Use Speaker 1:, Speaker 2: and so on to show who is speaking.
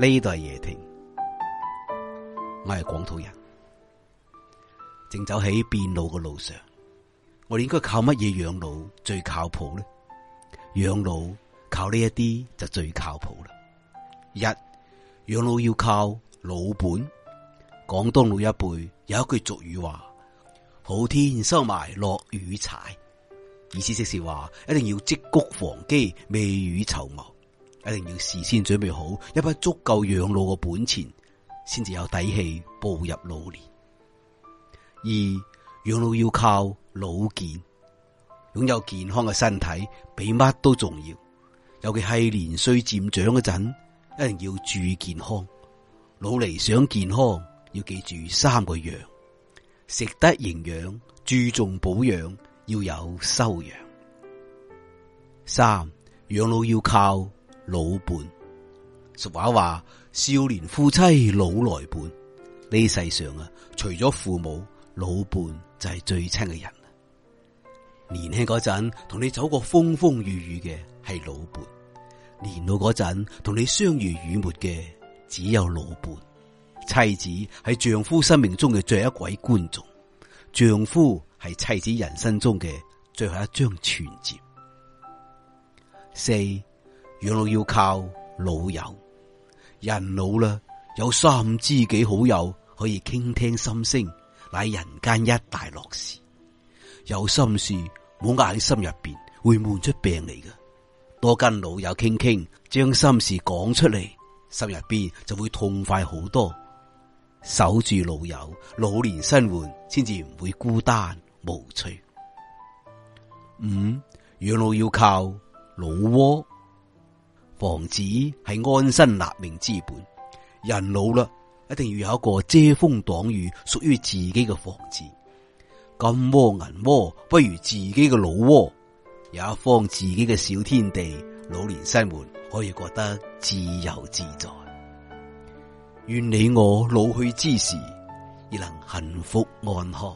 Speaker 1: 呢度係夜聽，我係廣土人，正走喺變老嘅路上。我哋應該靠乜嘢養老最靠譜呢？養老靠呢一啲就最靠譜啦。一養老要靠老本。廣東老一輩有一句俗語話：好天收埋落雨柴，意思即是話一定要積穀防飢，未雨綢繆。一定要事先準備好一筆足夠養老嘅本錢，先至有底氣步入老年。二養老要靠老健，擁有健康嘅身體比乜都重要。尤其係年歲漸長嗰陣，一定要注意健康。老嚟想健康，要記住三個樣：食得營養，注重保養，要有修養。三養老要靠。老伴，俗話話少年夫妻老來伴，呢世上啊，除咗父母，老伴就係最親嘅人。年輕嗰陣同你走過風風雨雨嘅係老伴，年老嗰陣同你相濡以沫嘅只有老伴。妻子係丈夫生命中嘅最後一位觀眾，丈夫係妻子人生中嘅最後一張存折。四。養老要靠老友。人老啦，有三知己好友，可以傾聽心聲，乃人間一大樂事。有心事冇壓喺心入邊，會悶出病嚟嘅。多跟老友傾傾，將心事講出嚟，心入邊就會痛快好多。守住老友，老年生活先至唔會孤單無趣。五、養老要靠老窩。房子係安身立命之本，人老啦，一定要有一個遮風擋雨、屬於自己嘅房子。金窩銀窩不如自己嘅老窩，有一方自己嘅小天地，老年生活可以覺得自由自在。願你我老去之時，亦能幸福安康。